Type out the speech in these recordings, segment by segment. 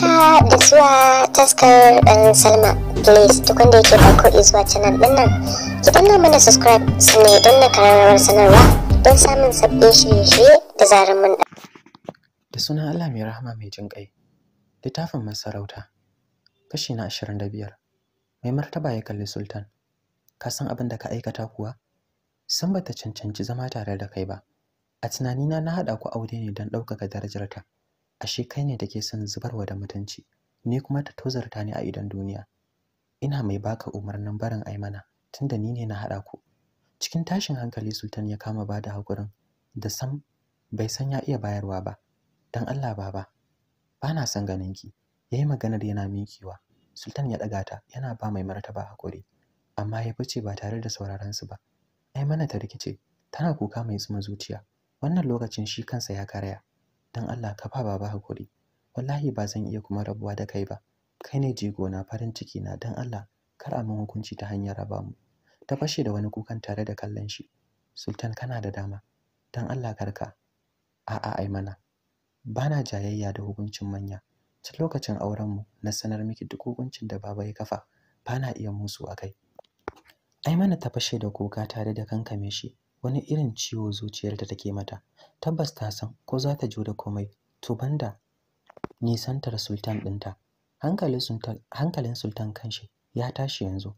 haka ah, da zuwa taskar ɗan um, salma please duk wanda yake farko izuwa canal ɗin nan ki danna mana subscribe sannan don na kararrawar sanarwa don samun sabbin shirye-shirye da zarar mun da da sunan allah mai rahama mai jin ƙai littafin masarauta kashi na ashirin da biyar mai martaba ya kalli sultan ka san abin da ka aikata kuwa san bata cancanci zama tare da kai ba a tunanina na haɗa ku aure ne don ɗaukaka darajarta ashe kai ne take son zubarwa da mutunci ni kuma ta ta ne a idan duniya ina mai baka umarnin barin aimana tunda ni ne na haɗa ku cikin tashin hankali sultan ya kama bada hakurin da sam bai san ya iya bayarwa ba dan Allah baba bana son ganin ki yayi maganar yana mikiwa sultan ya daga ta yana ba mai martaba hakuri amma ya fice ba tare da sauraron su ba aimana ta rikice tana kuka mai zuma zuciya wannan lokacin shi kansa ya karaya don Allah ka ba baba hakuri wallahi ba zan iya kuma rabuwa da kai ba kai ne jigo na farin ciki na don Allah kar a min hukunci ta hanyar raba mu ta fashe da wani kukan tare da kallon shi sultan kana da dama don Allah karka a'a ai mana bana jayayya da hukuncin manya cikin lokacin auren mu na sanar miki duk hukuncin da baba ya kafa bana iya musu kai. ai mana ta fashe da kuka tare da kankame shi wani irin ciwo zuciyar zuciyarta take mata tabbas ta san ko za ta jure komai to banda nisantar sultan ɗinta hankalin sultan kanshi ya tashi yanzu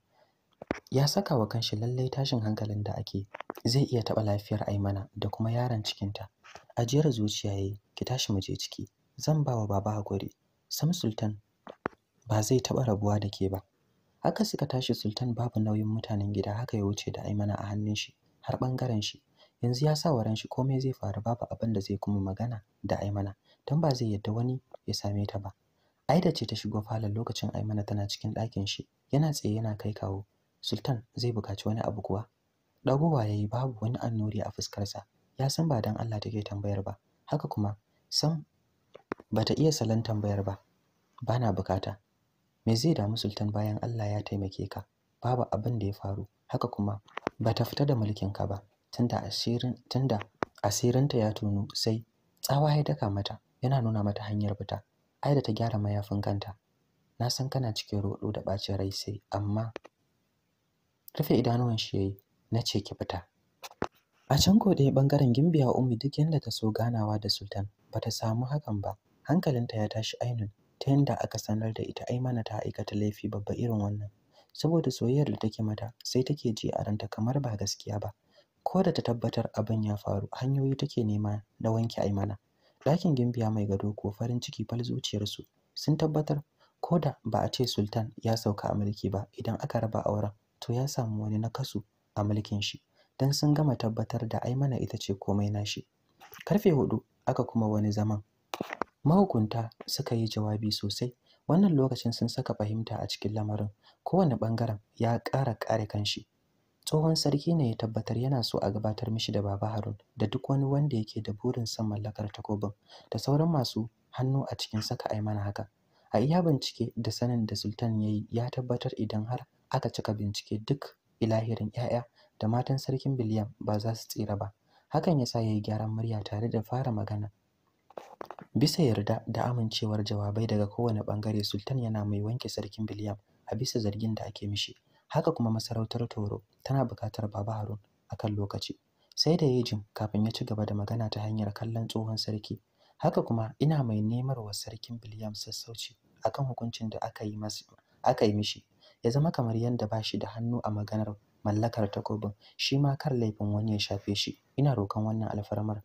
ya saka wa kanshi lallai tashin hankalin da ake zai iya taɓa lafiyar aimana da kuma yaron cikinta ajiyar zuciya yi, ki tashi mu je ciki zan ba wa baba hakuri sam sultan ba zai taɓa rabuwa da ke ba haka suka tashi sultan babu nauyin mutanen gida haka ya wuce da aimana a hannun shi har ɓangaren shi yanzu ya sa wa ran shi komai zai faru babu abin da zai kuma magana da aimana don ba zai yadda wani ya same ta ba aida ce ta shigo falon lokacin aimana tana cikin ɗakin shi yana tsaye yana kai kawo sultan zai buƙaci wani abu kuwa ɗagowa ya yi babu wani annuri a fuskarsa ya san ba don allah take tambayar ba haka kuma san bata iya salon tambayar ba bana bukata me zai damu sultan bayan allah ya taimake ka babu abin da ya faru haka kuma ba ta fita da mulkin ka ba tunda asirin tunda asirinta ya tunu sai tsawa ya daka mata yana nuna mata hanyar fita ai da ta gyara mayafin kanta na san kana cikin roɗo da ɓacin rai sai amma rufe idanuwan shi yayi na ce ki fita a can ko ɓangaren gimbiya ummi duk yanda ta so ganawa da sultan ba ta samu hakan ba hankalinta ya tashi ainun ta yadda aka sanar da ita ai mana ta aikata laifi babba irin wannan saboda soyayyar da take mata sai take ji a ranta kamar ba gaskiya ba ko da ta tabbatar abin ya faru hanyoyi take nema na wanke aimana ɗakin gimbiya mai gado ko farin ciki fal zuciyarsu sun tabbatar ko da ba a ce sultan ya sauka a mulki ba idan aka raba auren to ya samu wani na nakasu a mulkin shi don sun gama tabbatar da aimana ita ce komai nashi karfe hudu aka kuma wani zaman mahukunta suka yi jawabi sosai wannan lokacin sun saka fahimta a cikin lamarin kowane bangaren ya ƙara kare kanshi tsohon sarki ne ya tabbatar yana so a gabatar mishi da baba harun da duk wani wanda yake da burin son mallakar takobin da sauran masu hannu a cikin saka mana haka a iya bincike da sanin da sultan ya yi ya tabbatar idan har aka cika bincike duk ilahirin 'ya'ya da matan sarkin biliyan ba za su tsira ba hakan ya sa ya yi gyaran murya tare da fara magana bisa yarda da amincewar jawabai daga kowane ɓangare, sultan yana mai wanke sarkin biliyam a bisa zargin da ake mishi haka kuma masarautar toro tana buƙatar baba harun a kan lokaci sai da yejin kafin ya ci gaba da magana ta hanyar kallon tsohon sarki haka kuma ina mai nemar wa sarkin biliyam sassauci a kan hukuncin da aka yi yi mishi ya zama kamar yadda ba shi da hannu a maganar mallakar takobin shi ma kar laifin wani ya shafe shi ina roƙon wannan alfarmar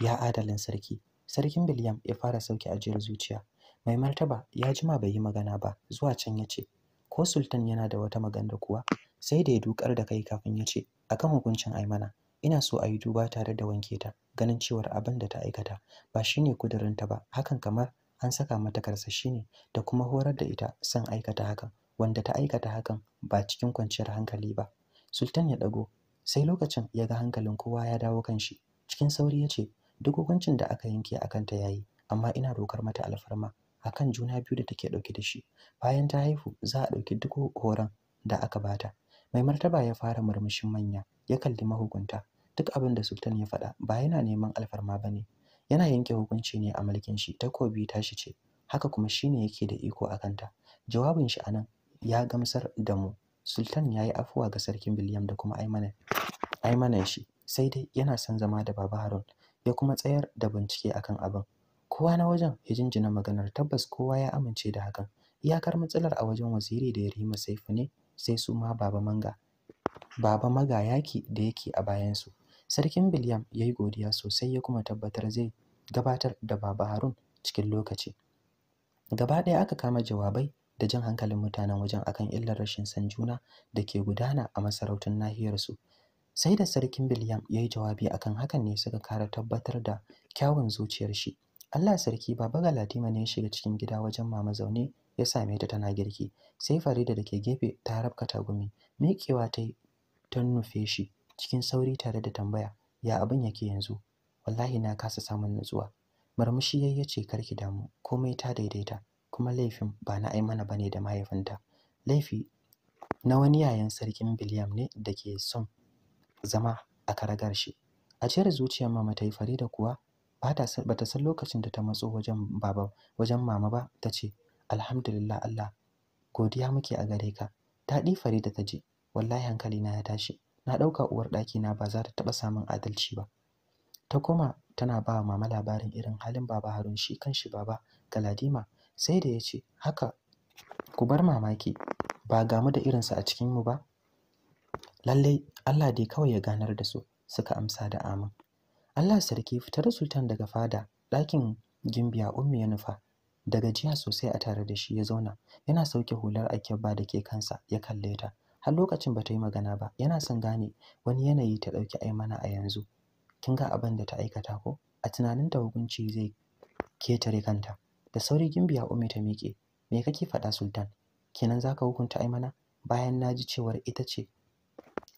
ya adalin sarki sarkin biliyam ya fara sauke ajiyar zuciya mai martaba ya jima bai yi magana ba zuwa can ya ce ko sultan yana da wata magana kuwa sai da ya dukar da kai kafin ya ce akan hukuncin aimana ina so a yi duba tare da wanke ta ganin cewar abin da ta aikata ba shine kudurinta ba hakan kamar an saka mata karsashi ne da kuma horar da ita son aikata hakan wanda ta aikata hakan ba cikin kwanciyar hankali ba sultan ya dago sai lokacin ya ga hankalin kowa ya dawo kan shi cikin sauri ya ce duk hukuncin da aka yanke a kanta ya yi amma ina dokar mata alfarma a kan juna biyu da take ɗauke da shi bayan ta haihu za a ɗauki duk horon da aka bata mai martaba ya fara murmushin manya ya kalli mahukunta duk abin da sultan ya faɗa ba yana neman alfarma ba ne yana yanke hukunci ne a mulkin shi takobi tashi ce haka kuma shine yake da iko a kanta jawabin shi anan ya gamsar da mu sultan ya yi afuwa ga sarkin biliyam da kuma aimanan shi sai dai yana son zama da baba harun ya kuma tsayar da bincike akan abin kowa na wajen ya jinjina maganar tabbas kowa ya amince da hakan iyakar matsalar a wajen waziri da yarima saifu ne sai su ma baba manga baba maga yaki da yake a bayansu sarkin biliyam ya yi godiya sosai ya kuma tabbatar zai gabatar da baba harun cikin lokaci gaba ɗaya aka kama jawabai da jan hankalin mutanen wajen akan illar rashin san juna da ke gudana a masarautun nahiyarsu sai da sarkin Biliyam ya yi jawabi akan hakan ne suka kara tabbatar da kyawun zuciyar shi Allah sarki baba Galadima ne ya shiga cikin gida wajen mama zaune ya same ta tana girki sai Farida da ke gefe ta rabka tagumi miƙewa ta yi ta nufe shi cikin sauri tare da tambaya ya abin yake yanzu wallahi na kasa samun nutsuwa murmushi yayi ce karki damu komai ta daidaita kuma laifin ba na Aimana bane da mahaifinta laifi na wani yayan sarkin Biliyam ne da ke son zama a karagar shi a ciyar zuciyar mama ta yi farida kuwa ba ta san lokacin da ta matso wajen baba wajen mama ba ta ce alhamdulillah Allah godiya muke a gare ka Ta ɗi farida ta je wallahi hankali na ya tashi na ɗauka uwar ɗaki na ba za ta taɓa samun adalci ba ta koma tana ba mama labarin irin halin baba harun shi kan shi baba galadima sai da ya ce haka ku bar mamaki ba gamu da irinsa a cikinmu ba Lallai Allah dai kawai ya ganar da su suka amsa da amin. Allah sarki fitar sultan daga fada ɗakin gimbiya ummi ya nufa da gajiya sosai a tare da shi ya zauna yana sauke hular akebba da ke kansa ya kalle ta har lokacin ba ta yi magana ba yana son gane wani yanayi ta ɗauki aimana a yanzu kin ga abin da ta aikata ko a tunanin ta hukunci zai ketare kanta da sauri gimbiya ummi ta miƙe me kake faɗa sultan kenan zaka hukunta aimana bayan naji ji cewar ita ce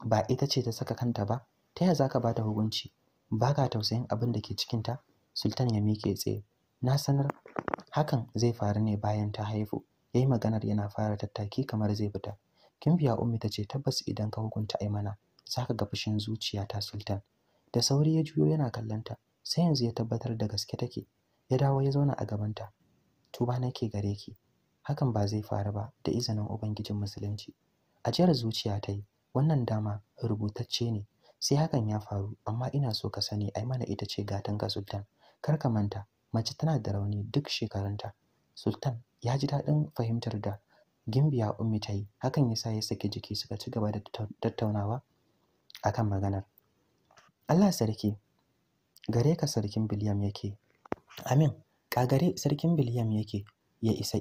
ba ita ce ta saka kanta ba ta yaya zaka bata hukunci baka tausayin abin da ke cikin ta sultan ya mike tsaye na sanar hakan zai faru ne bayan ta haifu yayi maganar yana fara tattaki kamar zai fita kimbiya ummi ta ce tabbas idan ka hukunta mana zaka ga fushin zuciya ta sultan da sauri ya juyo yana kallanta sai yanzu ya tabbatar da gaske take ya dawo ya zauna a gabanta tuba nake gare ki hakan ba zai faru ba da izinin ubangijin musulunci ajiyar zuciya ta yi wannan dama rubutacce ne sai hakan ya faru amma ina so ka sani ai mana ita ce gatan sultan kar ka manta mace tana da rauni duk shekarunta sultan ya ji daɗin fahimtar da gimbiya ummi ta yi hakan ya sa ya saki jiki suka ci gaba da tattaunawa a kan maganar Allah sarki gare ka sarkin Biliyam yake amin kagare sarkin Biliyam yake ya isa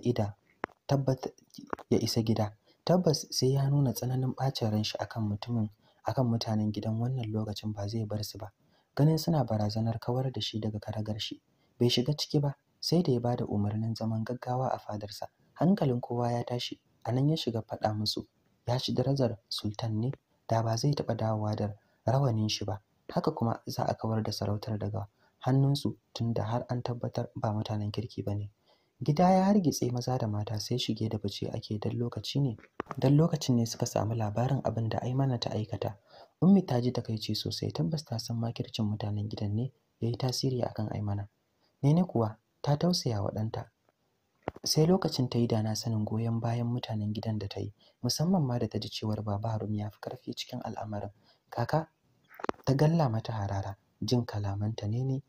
ya isa gida tabbas sai ya nuna tsananin ɓacin shi akan mutumin akan mutanen gidan wannan lokacin ba zai bar su ba ganin suna barazanar kawar da shi daga karagar shi bai shiga ciki ba sai da ya bada umarnin zaman gaggawa a fadarsa hankalin kowa ya tashi a nan ya shiga faɗa musu ya ci darajar sultan ne da ba zai taɓa dawowa da rawanin shi ba haka kuma za a kawar da sarautar daga hannunsu tunda har an tabbatar ba mutanen kirki ba ne Gida ya hargitse maza da mata sai shige da bace ake dan lokaci ne. Dan lokacin ne suka samu labarin abin da Aimana ta aikata. Ummi ta ji takaici sosai tabbas ta san makircin mutanen gidan ne ya yi tasiri akan Aimana. Nene kuwa ta tausaya wa ɗanta. Sai lokacin ta yi dana sanin goyon bayan mutanen gidan da ta yi musamman ma da ta ji cewar Baba Harun ya fi karfi cikin al'amarin. Kaka ta galla mata harara jin kalamanta ne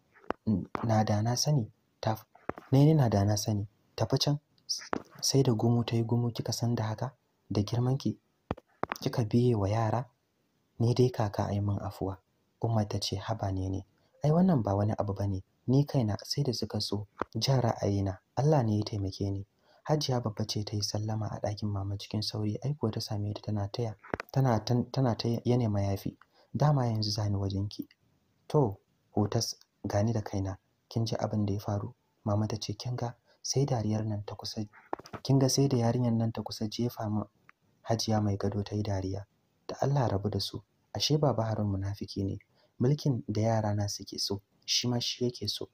na da na sani ta ne na da na sani tafi can sai da gumu ta yi gumu kika san da haka da girmanki kika biye wa yara ni dai kaka ai min afuwa umma ta ce haba ne ne ai wannan ba wani abu bane ni kaina sai da suka so ra'ayi ra'ayina Allah ne ya taimake ni Hajiya babba ce ta yi sallama a ɗakin mama cikin sauri ai kuwa ta same ta tana taya tana tana ta yana mayafi dama yanzu zani wajenki to hotas gani da kaina kin ji abin da ya faru mama ta ce kin ga sai dariyar nan ta kusa kinga sai da yarinyar nan ta kusa jefa mu hajiya mai gado ta yi dariya da Allah rabu da su ashe baba Harun munafiki ne mulkin da yara na suke so shi ma shi yake so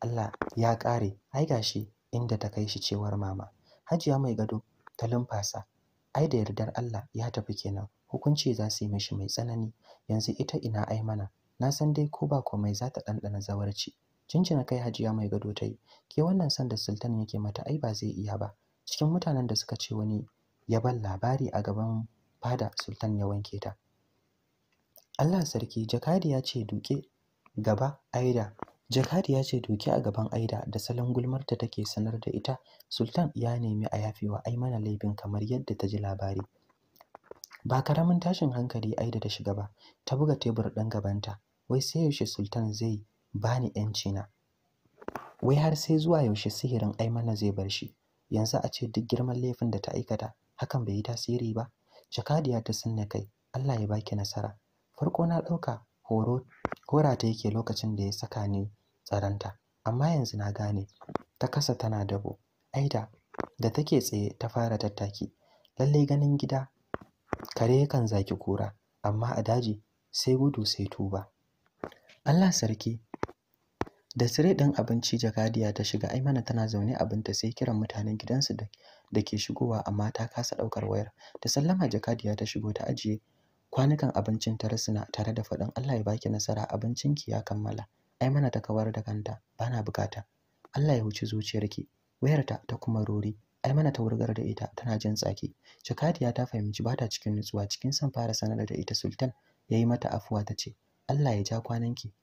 Allah ya kare ai gashi inda ta kai shi cewar mama hajiya mai gado ta lumfasa ai da yardar Allah ya tafi kenan hukunci za su yi mishi mai tsanani yanzu ita ina ai mana na san dai ko ba komai za ta ɗanɗana zawarci cincina kai hajiya mai gado ta yi ke wannan san da sultan yake mata ai ba zai iya ba cikin mutanen da suka ce wani ya ban labari a gaban fada sultan ya wanke ta Allah sarki jakadi ya ce duke gaba aida jakadi ya ce duke a gaban aida da salon gulmar ta take sanar da ita sultan ya nemi a yafewa ai mana laifin kamar yadda ta ji labari ba karamin tashin hankali aida da shiga ba ta buga tebur ɗin gabanta wai sai yaushe sultan zai bani yanci na wai har sai zuwa yaushe sihirin aimana zai bar shi yanzu a ce duk girman laifin da ta aikata hakan bai yi tasiri ba jakadiya ta sunna kai Allah ya baki nasara farko na ɗauka horo hora ta yake lokacin da ya saka ni tsaranta amma yanzu na gane ta kasa tana dabo aida da take tsaye ta fara tattaki lallai ganin gida kare kan zaki kura amma a daji sai gudu sai tuba Allah sarki da sire ɗin abinci jakadiya ta shiga aimana tana zaune abinta sai kiran mutanen gidansu da ke shigowa amma ta kasa ɗaukar wayar ta sallama jakadiya ta shigo ta ajiye kwanukan abincin ta rasuna tare da faɗin allah ya baki nasara abincin ki ya kammala aimana ta kawar da kanta bana bukata allah ya huci zuciyarki wayarta ta kuma rori aimana ta wurgar da ita tana jin tsaki jakadiya ta fahimci ba ta cikin nutsuwa cikin son fara sanar da ita sultan ya yi mata afuwa ta ce allah ya ja kwananki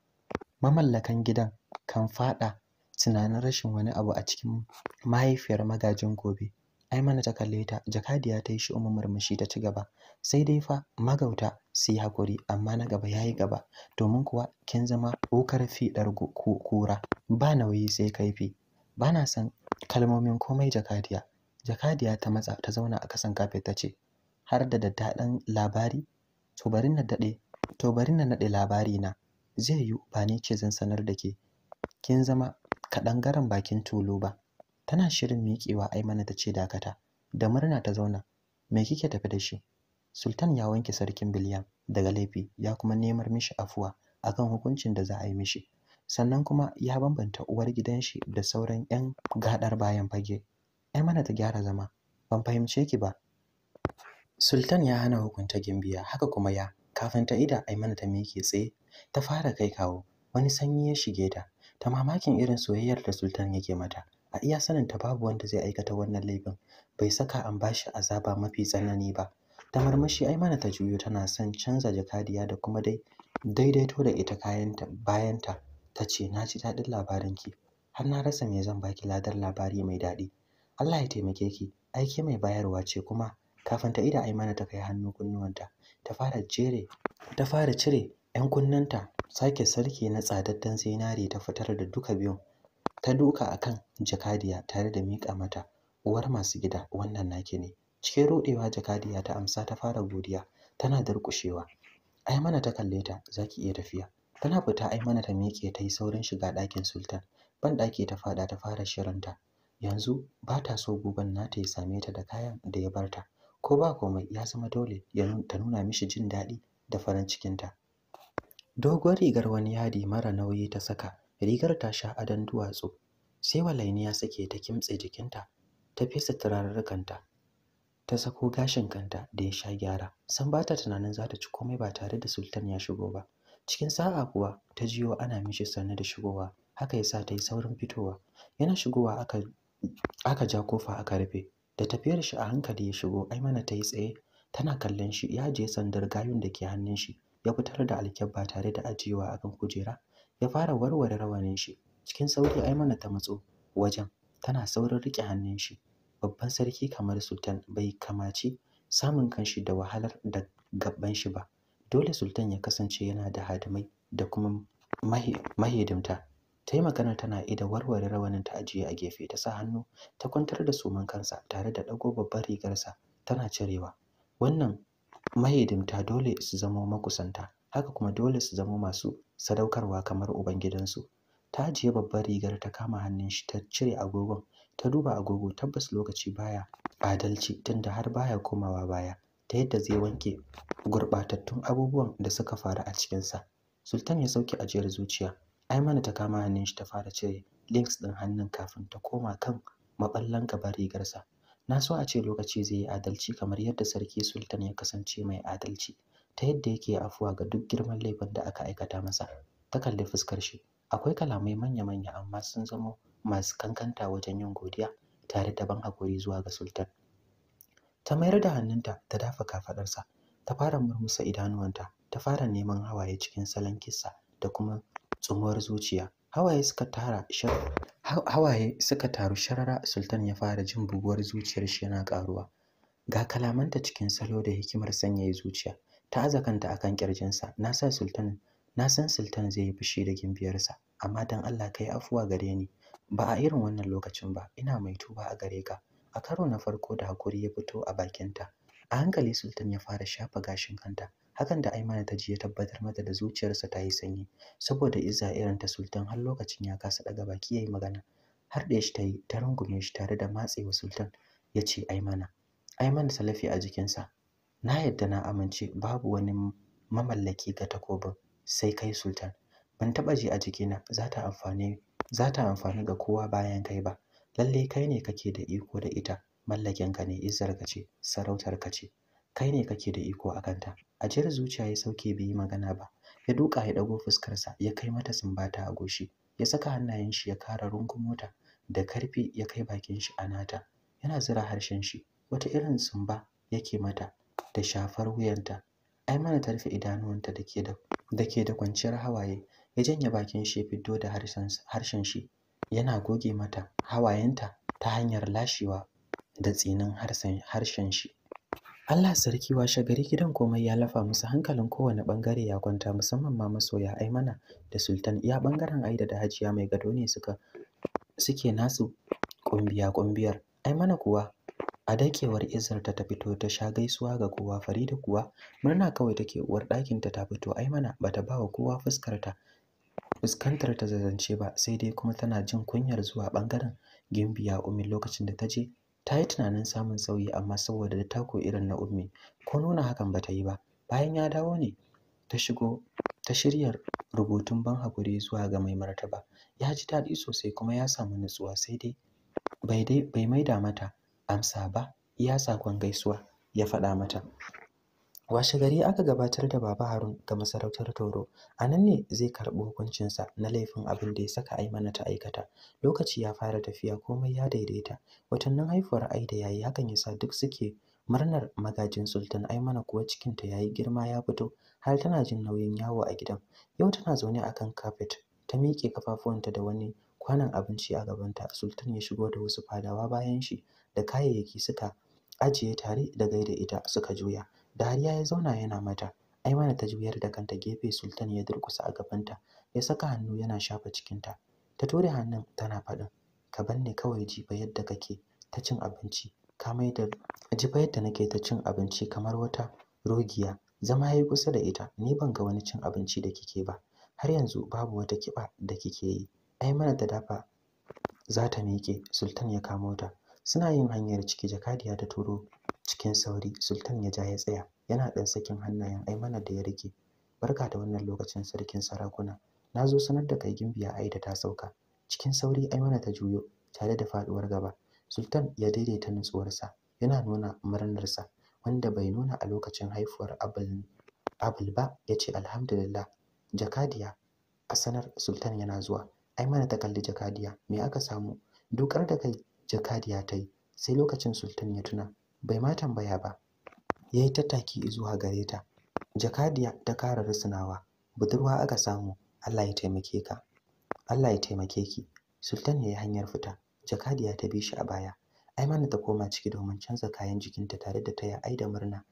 mamallakan gidan kan faɗa tunanin rashin wani abu a cikin mahaifiyar magajin gobe Ai mana ta kalle ta jakadiya ta yi shi murmushi ta ci gaba sai dai fa magauta su yi hakuri amma na gaba ya yi gaba domin kuwa kin zama fi ɗar kura ba nauyi sai kaifi ba na san kalmomin komai jakadiya jakadiya ta matsa ta zauna a kasan kafet ta ce har da daddaɗan labari to bari na daɗe to bari na naɗe labari na zai yiwu ba ni ce zan sanar da ke kin zama kaɗan garan bakin tulu ba tana shirin miƙewa aimana ta ce dakata da murna ta zauna me kike tafi da shi sultan ya wanke sarkin biliyam daga laifi ya kuma nemar mishi afuwa akan hukuncin da za a yi mishi sannan kuma ya bambanta uwar gidan shi da sauran 'yan gadar bayan fage aimana ta gyara zama ban fahimce ki ba sultan ya hana hukunta gimbiya haka kuma ya kafin ta ida Aimana ta miƙe tsaye ta fara kai kawo wani sanyi ya shige ta ta mamakin irin soyayyar da sultan yake mata a iya sanin ta babu wanda zai aikata wannan laifin bai saka an bashi azaba mafi tsanani ba ta marmashi Aimana ta juyo tana son canza jakadiya da kuma dai daidaito da ita kayanta bayanta ta ce na ji daɗin ki, har na rasa me zan baki ladar labari mai daɗi Allah ya taimake ki aiki mai bayarwa ce kuma kafin ta ida Aimana ta kai hannu kunnuwanta ta fara jere ta fara cire 'yan kunnenta sake sarki na tsadaddan zinari ta fitar da duka biyun ta duka a kan jakadiya tare da miƙa mata uwar masu gida wannan naki ne cikin rudewa jakadiya ta amsa ta fara godiya tana durƙushewa ai mana ta kalle ta zaki iya tafiya tana fita ai mana ta miƙe ta yi saurin shiga ɗakin sultan ban ɗaki ta faɗa ta fara shirinta yanzu ba ta so guban nata ya same ta da kayan da ya barta ko ba komai ya zama dole ta nuna mishi jin daɗi da farin cikinta doguwar rigar wani yadi mara nauyi ta saka rigar ta sha adon duwatsu sai ya sake ta kimtse jikinta ta fesa turarurrukanta ta sako gashin kanta da ya sha gyara san ba ta tunanin za ta ci komai ba tare da sultan ya shigo ba cikin sa'a kuwa ta jiyo ana mishi sane da shigowa haka ya sa ta yi saurin fitowa yana shigowa aka aka ja kofa aka rufe da tafiyar shi a hankali ya shigo aimana ta yi tsaye tana kallon shi ya je sandar gayun da ke hannun shi ya fitar da alkyabba tare da ajiyewa akan kujera ya fara warware rawanin shi cikin sauri aimana ta matso wajen tana saurin riƙe hannun shi babban sarki kamar sultan bai kamaci samun kanshi da wahalar da gaban shi ba dole sultan ya kasance yana da hadimai da kuma mahidimta ta yi magana tana ida warware rawanin ta ajiye a gefe ta sa hannu ta kwantar da suman kansa tare da ɗago babbar rigarsa tana cirewa wannan mahidimta dole su zamo makusanta haka kuma dole su zamo masu sadaukarwa kamar ubangidansu ta ajiye babbar rigar ta kama hannun shi ta cire agogon ta duba agogo tabbas lokaci baya adalci tunda har baya komawa baya ta yadda zai wanke gurɓatattun abubuwan da suka faru a cikinsa sultan ya sauke ajiyar zuciya Aimana ta kama hannun shi ta fara cire links ɗin hannun kafin ta koma kan maballan gaban rigarsa. Na so a ce lokaci zai yi adalci kamar yadda Sarki Sultan ya kasance mai adalci ta yadda yake afuwa ga duk girman laifin da aka aikata masa. Ta kalli fuskar shi. Akwai kalamai manya-manya amma sun zama masu kankanta wajen yin godiya tare da ban hakuri zuwa ga Sultan. Ta mayar da hannunta ta dafa kafaɗarsa, ta fara murmusa idanuwanta, ta fara neman hawaye cikin salon kissa da kuma tsumuwar zuciya hawaye suka tara hawaye suka taru sharara sultan ya fara jin buguwar zuciyar shi yana karuwa ga kalamanta cikin salo da hikimar sanyaya zuciya ta azakanta kanta akan kirjinsa na sa sultan na san sultan zai yi fushi da gimbiyarsa amma dan Allah kai afuwa gare ni ba a irin wannan lokacin ba ina mai tuba a gare ka a karo na farko da hakuri ya fito a bakinta a hankali sultan ya fara shafa gashin kanta hakan da aimana ta ji ya tabbatar mata da zuciyarsa ta yi sanyi saboda izza irin ta sultan har lokacin ya kasa daga baki yayi magana har da shi ta yi ta rungume shi tare da matsewa sultan ya ce aimana aimana salafi a jikinsa na yadda na amince babu wani mamallaki ga takobin sai kai sultan ban taba ji a jikina za ta amfani za ta amfani ga kowa bayan kai ba lalle kai ne kake da iko da ita mallakinka ne ka ce sarautarka ce kai ne kake da iko a kanta A ajiyar zuciya ya sauke bai yi magana ba ya duka ya dago fuskarsa ya kai mata sumbata a goshi ya saka hannayen shi ya kara rungun mota da karfi ya kai bakin shi a nata yana zira harshen shi wata irin sumba yake mata da shafar wuyanta ai mana ta rufe idanuwanta dake da dake da kwanciyar hawaye ya janye bakin shi ya fito da harshen shi yana goge mata hawayenta ta hanyar lashewa da tsinin harshen shi Allah sarki washe gari gidan komai ya lafa musu hankalin kowane bangare ya kwanta musamman ma masoya ai mana da Sultan ya bangaren Aida da Hajiya mai gado ne suka suke nasu kumbiya kumbiyar Aimana kuwa a dakewar Izar ta ta fito ta sha gaisuwa ga kowa Farida kuwa murna kawai take uwar ɗakin ta ta fito Aimana bata bawa kowa fuskar ta fuskantar ta zazance ba sai dai kuma tana jin kunyar zuwa bangaren Gimbiya Umi lokacin da ta je ta yi tunanin samun sauyi amma saboda da tako irin na ummi ko nuna hakan ba ta yi ba bayan ya dawo ne ta shigo ta shirya rubutun ban hakuri zuwa ga mai martaba ya ji daɗi sosai kuma ya samu nutsuwa sai dai bai maida mata amsa ba ya sakon gaisuwa ya faɗa mata washe gari aka gabatar da baba harun ga masarautar toro a nan ne zai karɓi hukuncinsa na laifin abin da ya saka mana ta aikata lokaci ya fara tafiya komai ya daidaita watannin haifuwar ai da yayi hakan yasa duk suke murnar magajin sultan mana kuwa cikinta yayi girma ya fito har tana jin nauyin yawo a gidan yau tana zaune a kan kafet ta miƙe kafafuwanta da wani kwanon abinci a gabanta sultan ya shigo da wasu fadawa bayan shi da kayayyaki suka ajiye tare da gaida ita suka juya dariya ya zauna yana mata mana ta juyar da kanta gefe sultan ya durkusa a gabanta ya saka hannu yana shafa cikinta ta ture hannun tana faɗin ka banne kawai jifa yadda kake ta cin abinci ka mai da jifa yadda nake ta cin abinci kamar wata rogiya zama yayi kusa da ita ni ban ga wani cin abinci da kike ba har yanzu babu wata kiba da kike yi ai mana ta dafa za ta miƙe sultan ya kamo ta suna yin hanyar ciki jakadiya ta turo cikin sauri sultan ya ja ya tsaya yana ɗan sakin hannayen aimana da ya rike barka da wannan lokacin sarkin sarakuna na zo sanar da kai gimbiya ai da ta sauka cikin sauri aimana ta juyo tare da faɗuwar gaba sultan ya daidaita nutsuwarsa yana nuna murnarsa wanda bai nuna a lokacin haifuwar abul abul ba ya ce alhamdulillah jakadiya a sanar sultan yana zuwa aimana ta kalli jakadiya me aka samu dukar da kai jakadiya ta yi sai lokacin sultan ya tuna bai ma tambaya ba ya yi tattaki zuwa gare ta jakadiya ta kara rusunawa budurwa aka samu Allah ya taimake ka Allah ya taimake ki sultan ya yi hanyar fita jakadiya ta bi shi a baya aimana ta koma ciki domin canza kayan jikinta tare da ta taya aida murna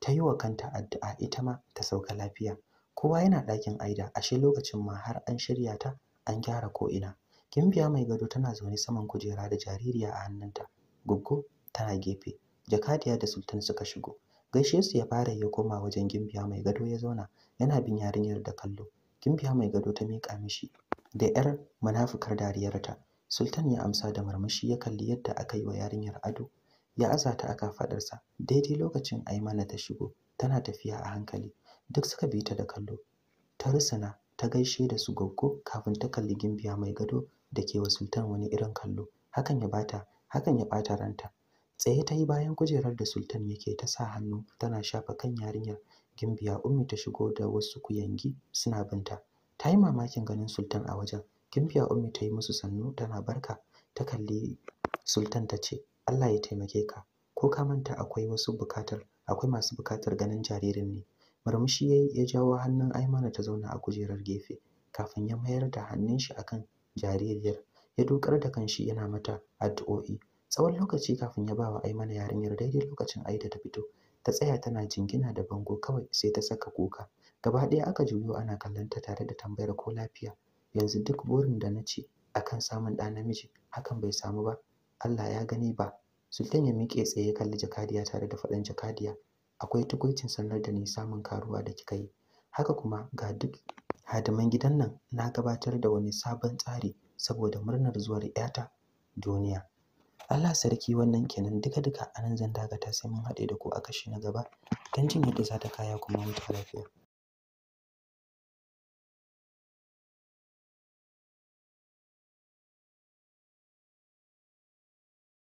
ta yi wa kanta addu'a ita ma ta sauka lafiya kowa yana ɗakin aida ashe lokacin ma har an shirya ta an gyara ko'ina kimbiya mai gado tana zaune saman kujera da jaririya a hannunta goggo tana gefe jakadiya da sultan suka shigo gaishe su ya fara ya koma wajen gimbiya mai gado ya zauna yana bin yarinyar da kallo gimbiya mai gado ta miƙa mishi da yar munafukar dariyarta sultan ya amsa da marmashi ya kalli yadda aka yi wa yarinyar ado ya aza ta aka faɗarsa. daidai lokacin aimana ta shigo tana tafiya a hankali duk suka bi ta da kallo ta rusuna ta gaishe da su goggo kafin ta kalli gimbiya mai gado da ke wa sultan wani irin kallo hakan ya bata hakan ya bata ranta tsaye ta yi bayan kujerar da sultan yake ta sa hannu tana shafa kan yarinyar gimbiya ummi ta shigo da wasu kuyangi suna binta ta yi mamakin ganin sultan a wajen gimbiya ummi ta yi musu sannu tana barka ta kalli sultan ta ce allah ya taimake ka ko ka manta akwai wasu bukatar akwai masu bukatar ganin jaririn ne murmushi ya ya jawo hannun aimana ta zauna a kujerar gefe kafin ya mayar da hannun shi akan jaririyar ya dokar da kanshi yana mata addu'o'i tsawon lokaci kafin ya bawa aimana yarinyar daidai lokacin aida ta fito ta tsaya tana jingina da bango kawai sai ta saka kuka gaba ɗaya aka juyo ana kallon ta tare da tambayar ko lafiya yanzu duk burin da na ce akan samun ɗa namiji hakan bai samu ba Allah ya gani ba Sultan ya miƙe tsaye kalli jakadiya tare da faɗin jakadiya akwai tukuicin sanar da ni samun karuwa da kika yi haka kuma ga duk hadiman gidan nan na gabatar da wani sabon tsari saboda murnar zuwar 'yata duniya Allah sarki wannan kenan duka duka anan zan dakata sai mun haɗe da ku a kashi na gaba don jin yadda za ta kaya kuma mutu lafiya